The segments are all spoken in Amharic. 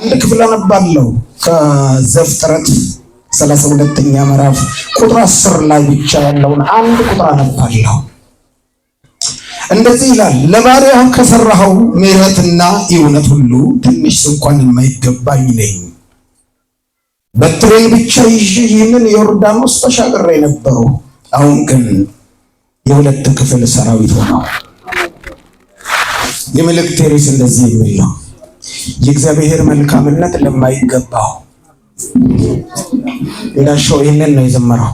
አንድ ክፍል አነባለሁ ከዘፍጥረት ሰላሳ ሁለተኛ ምዕራፍ ቁጥር አስር ላይ ብቻ ያለውን አንድ ቁጥር አነባለሁ። እንደዚህ ይላል፣ ለባሪያ ከሰራኸው ምሕረትና እውነት ሁሉ ትንሽ እንኳን የማይገባኝ ነኝ። በትሬን ብቻ ይዤ ይህንን ዮርዳኖስ ተሻግሬ ነበረው። አሁን ግን የሁለት ክፍል ሰራዊት ሆነው የመልእክቴ ርዕስ እንደዚህ የሚል ነው። የእግዚአብሔር መልካምነት ለማይገባው እንዳሻው ይህንን ነው የዘመረው።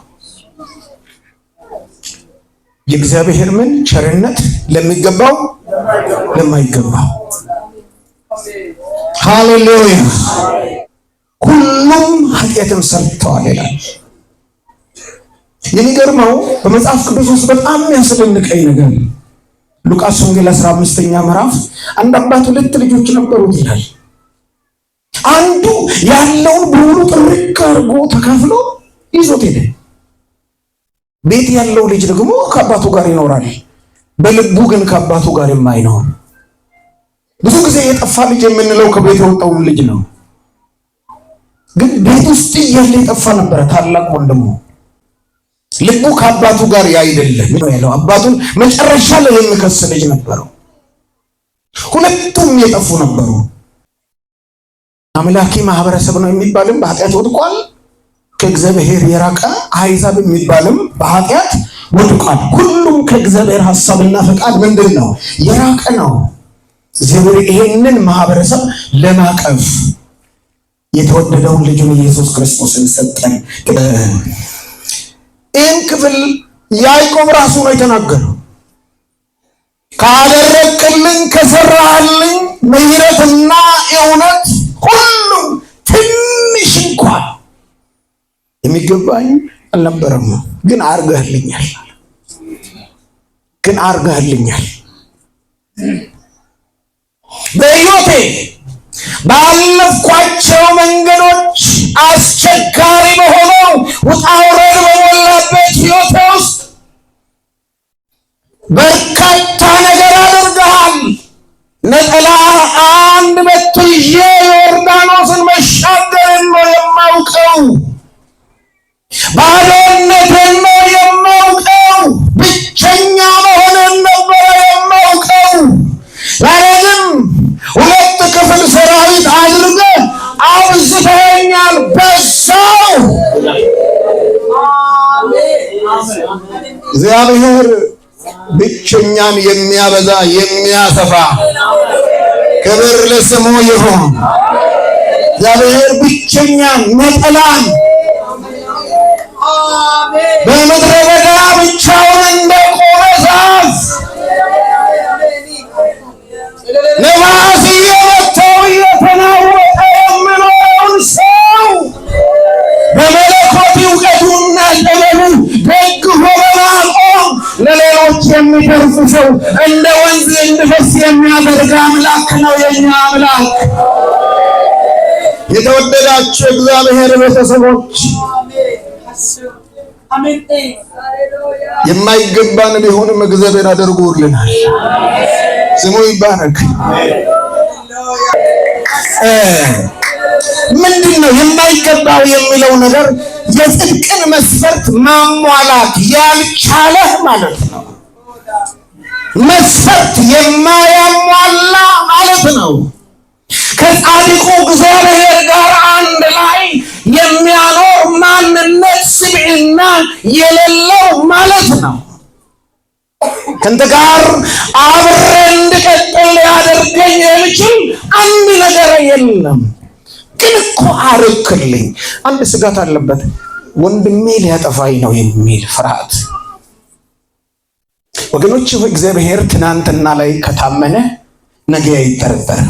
የእግዚአብሔር ምን ቸርነት ለሚገባው ለማይገባው። ሃሌሉያ! ሁሉም ኃጢአትም ሰርተዋል ይላል። የሚገርመው በመጽሐፍ ቅዱስ ውስጥ በጣም የሚያስደንቀኝ ነገር ነው ሉቃስ ወንጌል 15ኛ ምዕራፍ አንድ አባት ሁለት ልጆች ነበሩት ይላል። አንዱ ያለውን በሁሉ ጥርቅ አድርጎ ተካፍሎ ይዞት ሄደ። ቤት ያለው ልጅ ደግሞ ከአባቱ ጋር ይኖራል፣ በልቡ ግን ከአባቱ ጋር የማይኖር ብዙ ጊዜ የጠፋ ልጅ የምንለው ከቤት የወጣውን ልጅ ነው። ግን ቤት ውስጥ እያለ የጠፋ ነበረ ታላቅ ወንድሙ ልቡ ከአባቱ ጋር አይደለም ያለው። አባቱን መጨረሻ ላይ የሚከስ ልጅ ነበረው። ሁለቱም የጠፉ ነበሩ። አምላኪ ማህበረሰብ ነው የሚባልም በኃጢአት ወድቋል። ከእግዚአብሔር የራቀ አሕዛብ የሚባልም በኃጢአት ወድቋል። ሁሉም ከእግዚአብሔር ሀሳብና ፈቃድ ምንድን ነው የራቀ ነው። እግዚአብሔር ይሄንን ማህበረሰብ ለማቀፍ የተወደደውን ልጁን ኢየሱስ ክርስቶስን ሰጠን። ይህን ክፍል ያዕቆብ ራሱ ነው የተናገረው። ካደረቅልኝ ከሰራህልኝ ምሕረትና እውነት ሁሉም ትንሽ እንኳን የሚገባኝ አልነበረም፣ ግን አርገህልኛል፣ ግን አርገህልኛል በሕይወቴ ባለፍኳቸው መንገዶች አስቸጋሪ በሆነው ውጣ ውረድ በሞላበት ሕይወቴ ውስጥ በርካታ ነገር አድርገሃል። ነጠላ አንድ በትር ይዤ ዮርዳኖስን መሻገርን ነው የማውቀው ባዶ እግዚአብሔር ብቸኛን የሚያበዛ የሚያሰፋ ክብር ለስሙ ይሁን። እግዚአብሔር ብቸኛን ነጠላን በምድረ እንደ ወንዝ እንድፈስ የሚያደርግ አምላክ ነው የኛ አምላክ። የተወደዳችሁ እግዚአብሔር ቤተሰቦች የማይገባን ቢሆንም እግዚአብሔር አድርጎልናል። ስሙ ይባረክ። ምንድን ነው የማይገባው የሚለው ነገር የጽድቅን መስፈርት ማሟላት ያልቻለህ ማለት ነው። መስፈርት የማያሟላ ማለት ነው። ከጻድቁ እግዚአብሔር ጋር አንድ ላይ የሚያኖር ማንነት ስብዕና የሌለው ማለት ነው። ከንተ ጋር አብሬ እንድቀጥል ያደርገኝ የሚችል አንድ ነገር የለም። ግን እኮ አርክልኝ አንድ ስጋት አለበት፣ ወንድሜ ሊያጠፋኝ ነው የሚል ፍርሃት ወገኖች እግዚአብሔር ትናንትና ላይ ከታመነ ነገ ይጠረጠር።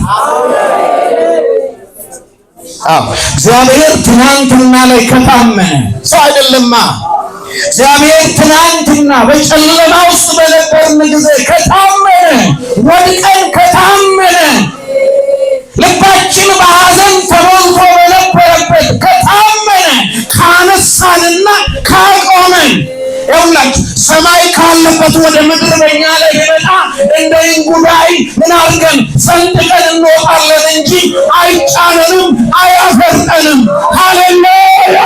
አዎ እግዚአብሔር ትናንትና ላይ ከታመነ ሰው አይደለማ። እግዚአብሔር ትናንትና በጨለማ ውስጥ በነበርን ጊዜ ከታመነ ወድቀን ከታመነ ወደ ምድር በኛ ላይ ይመጣ እንደ እንጉዳይ ምን አድርገን ሰንጥቀን እንወጣለን እንጂ አይጫነንም፣ አያፈርጠንም። ሃሌሉያ።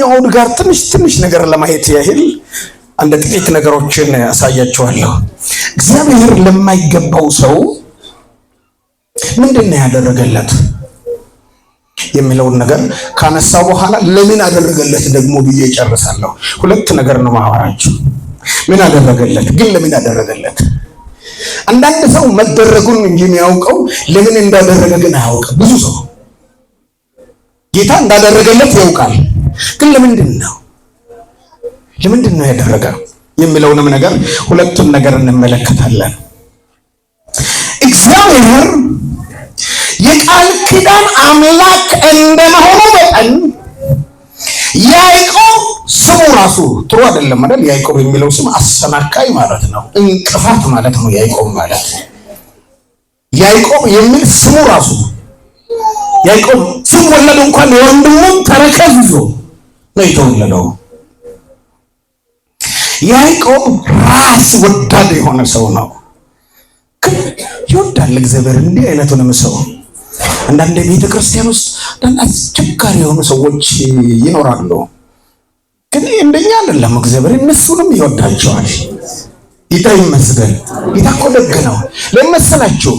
ኛውን ጋር ትንሽ ትንሽ ነገር ለማየት ያህል አንድ ጥቂት ነገሮችን አሳያቸዋለሁ። እግዚአብሔር ለማይገባው ሰው ምንድን ነው ያደረገለት? የሚለውን ነገር ካነሳው በኋላ ለምን አደረገለት ደግሞ ብዬ ይጨርሳለሁ። ሁለት ነገር ነው ማወራችሁ። ምን አደረገለት ግን ለምን አደረገለት? አንዳንድ ሰው መደረጉን እንጂ የሚያውቀው ለምን እንዳደረገ ግን አያውቅም። ብዙ ሰው ጌታ እንዳደረገለት ያውቃል፣ ግን ለምንድን ነው ለምንድን ነው ያደረገ የሚለውንም ነገር ሁለቱን ነገር እንመለከታለን። እግዚአብሔር የቃል ኪዳን አምላክ እንደመሆኑ መጠን ያዕቆብ ስሙ ራሱ ጥሩ አይደለም አይደል? ያዕቆብ የሚለው ስም አሰናካይ ማለት ነው፣ እንቅፋት ማለት ነው። ያዕቆብ ማለት ያዕቆብ የሚል ስሙ ራሱ ያዕቆብ ወለደ እንኳን የወንድሙን ተረከዝ ይዞ ነው የተወለደው። ያዕቆብ ራስ ወዳድ የሆነ ሰው ነው። ይወዳል እግዚአብሔር እንዲህ አይነቱንም ሰው አንዳንድ ቤተክርስቲያን ውስጥ አንዳንድ አስቸጋሪ የሆኑ ሰዎች ይኖራሉ። ግን እንደኛ አይደለም። እግዚአብሔር እነሱንም ይወዳቸዋል። ጌታ ይመስገን። ጌታ እኮ ደግ ነው። ለመሰላችሁ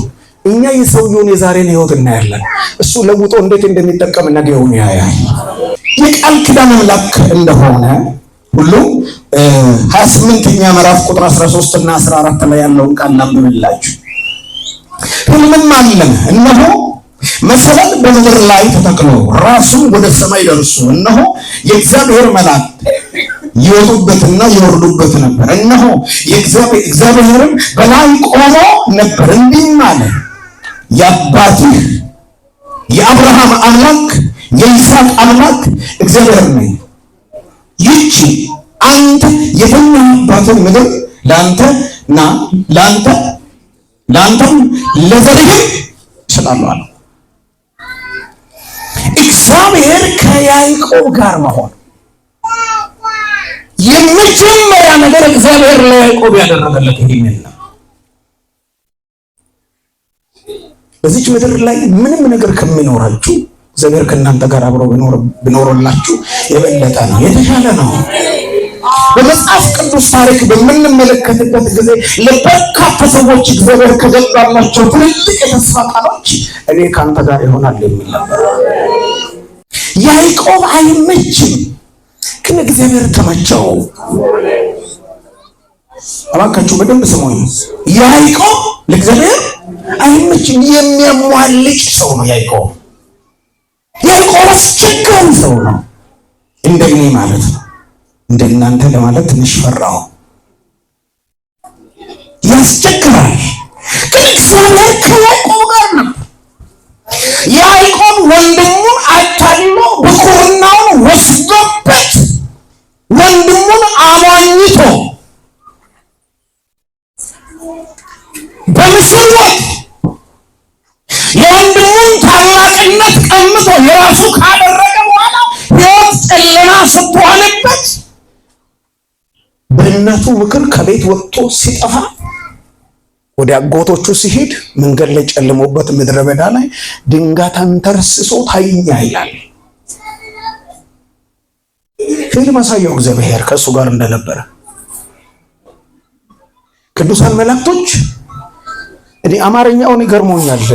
እኛ የሰውየውን የዛሬን ህይወት እናያለን። እሱ ለውጦ እንዴት እንደሚጠቀም ነገውን ያያል። የቃል ኪዳን አምላክ እንደሆነ ሁሉ 28ኛ ምዕራፍ ቁጥር 13 እና 14 ላይ ያለውን ቃል ላንብብላችሁ። ህልምም አለም እነሆ መሰላል በምድር ላይ ተተክሎ ራሱ ወደ ሰማይ ደርሶ እነሆ የእግዚአብሔር መልአክ ይወጡበትና ይወርዱበት ነበር። እነሆ እግዚአብሔርም በላይ ቆሞ ነበር፣ እንዲህም አለ የአባትህ የአብርሃም አምላክ የይስሐቅ አምላክ እግዚአብሔር ነኝ። ይቺ አንተ የተኛህባትን ምድር ለአንተና ለአንተ ለአንተም ለዘርህም እሰጣለሁ አለው። እግዚአብሔር ከያዕቆብ ጋር መሆን የመጀመሪያ ነገር እግዚአብሔር ለያዕቆብ ያደረገለት ይሄንን ነው። በዚች ምድር ላይ ምንም ነገር ከሚኖራችሁ እግዚአብሔር ከእናንተ ጋር አብሮ ቢኖርላችሁ የበለጠ ነው፣ የተሻለ ነው። በመጽሐፍ ቅዱስ ታሪክ በምንመለከትበት ጊዜ ለበርካታ ሰዎች እግዚአብሔር ከገባላቸው ትልልቅ የተስፋ ቃሎች እኔ ከአንተ ጋር ይሆናል የሚል ነበር። ያይቆብ አይመችም፣ ግን እግዚአብሔር ተመቸው። እባካችሁ በደንብ ስሙኝ። ያይቆብ ለእግዚአብሔር አይመችም። የሚያሟልጭ ሰው ነው ያይቆብ። ያይቆብ አስቸጋሪ ሰው ነው፣ እንደኔ ማለት ነው። እንደናንተ ለማለት ትንሽ ፈራው፣ ያስቸግራል። ግን እግዚአብሔር የእናቱ ምክር ከቤት ወጥቶ ሲጠፋ ወደ አጎቶቹ ሲሄድ መንገድ ላይ ጨልሞበት ምድረ በዳ ላይ ድንጋይ ተንተርስሶ ታይኛ ይላል። ህልም አሳየው እግዚአብሔር ከእሱ ጋር እንደነበረ። ቅዱሳን መላእክቶች እኔ አማርኛውን ይገርሞኛል።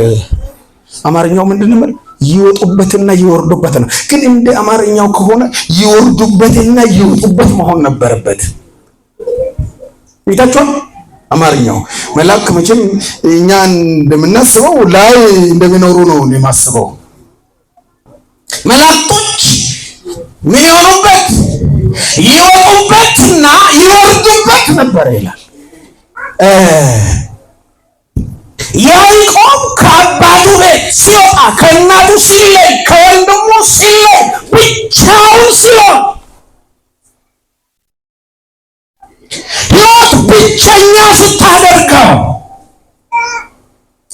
አማርኛው ምንድን ነው? ይወጡበትና ይወርዱበት ነው። ግን እንደ አማርኛው ከሆነ ይወርዱበትና ይወጡበት መሆን ነበረበት። ይታችኋል። አማርኛው መልአክ መቼም እኛ እንደምናስበው ላይ እንደሚኖሩ ነው የማስበው። መልአኮች የሚኖሩበት ይወጡበትና ይወርዱበት ነበረ ይላል። ያዕቆብ ከአባቱ ቤት ሲወጣ ከእናቱ ሲለይ ከወንድሙ ሲለይ ብቸኛ ስታደርገው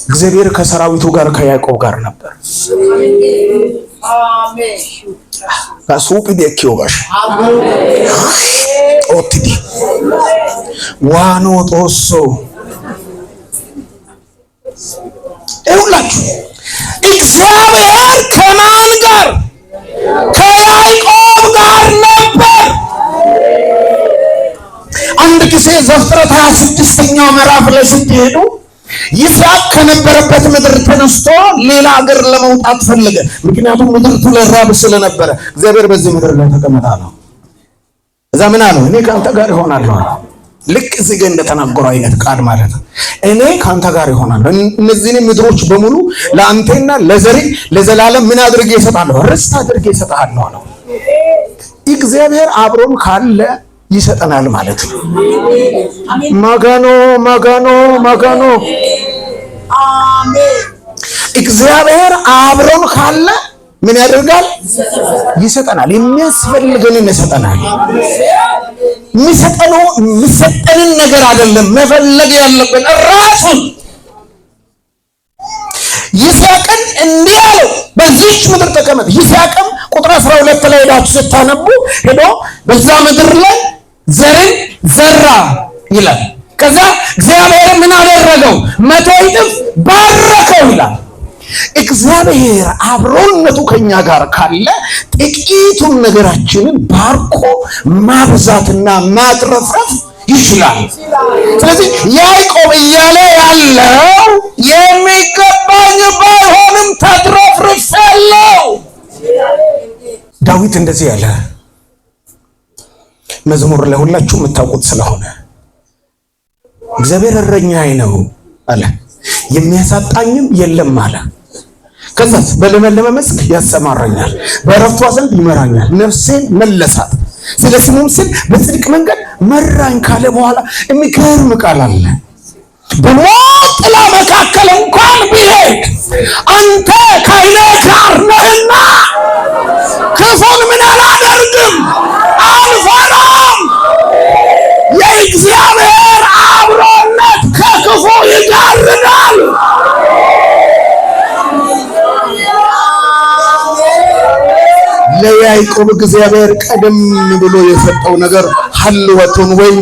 እግዚአብሔር ከሰራዊቱ ጋር ከያዕቆብ ጋር ነበር። ሱጵዴኪዮጋሽ ኦትዲ ዋኖ ጦሶ ይሁላችሁ እግዚአብሔር ከማን ጋር ከያዕቆብ አንድ ጊዜ ዘፍጥረት 26ኛው ምዕራፍ ላይ ስትሄዱ ይስሐቅ ከነበረበት ምድር ተነስቶ ሌላ ሀገር ለመውጣት ፈለገ። ምክንያቱም ምድርቱ ላይ ራብ ስለነበረ እግዚአብሔር በዚህ ምድር ላይ ተቀመጣ ነው። እዛ ምን አለው? እኔ ከአንተ ጋር ይሆናለሁ። ልክ እዚህ ጋር እንደተናገረው አይነት ቃል ማለት ነው። እኔ ከአንተ ጋር ይሆናለሁ፣ እነዚህን ምድሮች በሙሉ ለአንተና ለዘሬ ለዘላለም ምን አድርጌ እሰጣለሁ? ርስት አድርጌ እሰጣለሁ ነው። እግዚአብሔር አብሮም ካለ ይሰጠናል ማለት ነው። ማጋኖ ማጋኖ መገኖ እግዚአብሔር አብሮን ካለ ምን ያደርጋል? ይሰጠናል። የሚያስፈልገንን ይሰጠናል። የሚሰጠነው የሚሰጠንን ነገር አይደለም መፈለግ ያለብን ራሱን ይስሐቅን እንዲህ አለው፣ በዚህች ምድር ተቀመጥ። ይስሐቅም ቁጥር 12 ላይ ሄዳችሁ ስታነቡ ሄዶ በዛ ምድር ላይ ዘርን ዘራ ይላል። ከዛ እግዚአብሔር ምን አደረገው? መቶ ይጥፍ ባረከው ይላል። እግዚአብሔር አብሮነቱ ከኛ ጋር ካለ ጥቂቱን ነገራችንን ባርኮ ማብዛትና ማትረፍረፍ ይችላል። ስለዚህ ያዕቆብ እያለ ያለው የሚገባኝ ባይሆንም ተትረፍርፌ ያለው ዳዊት እንደዚህ ያለ መዝሙር ለሁላችሁ የምታውቁት ስለሆነ እግዚአብሔር እረኛዬ ነው አለ፣ የሚያሳጣኝም የለም አለ። ከዛስ በለመለመ መስክ ያሰማራኛል፣ በእረፍቷ ዘንድ ይመራኛል፣ ነፍሴን መለሳት፣ ስለ ስሙም ስል በጽድቅ መንገድ መራኝ ካለ በኋላ የሚገርም ቃል አለ። በሞት መካከል እንኳን ቢሄድ አንተ ከእኔ ጋር ነህና ክፉን ምን አላደርግም አልፈራም። የእግዚአብሔር ያዕቆብ እግዚአብሔር ቀደም ብሎ የሰጠው ነገር ሀልወቱን ወይም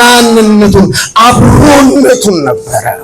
ማንነቱን አብሮነቱን ነበረ።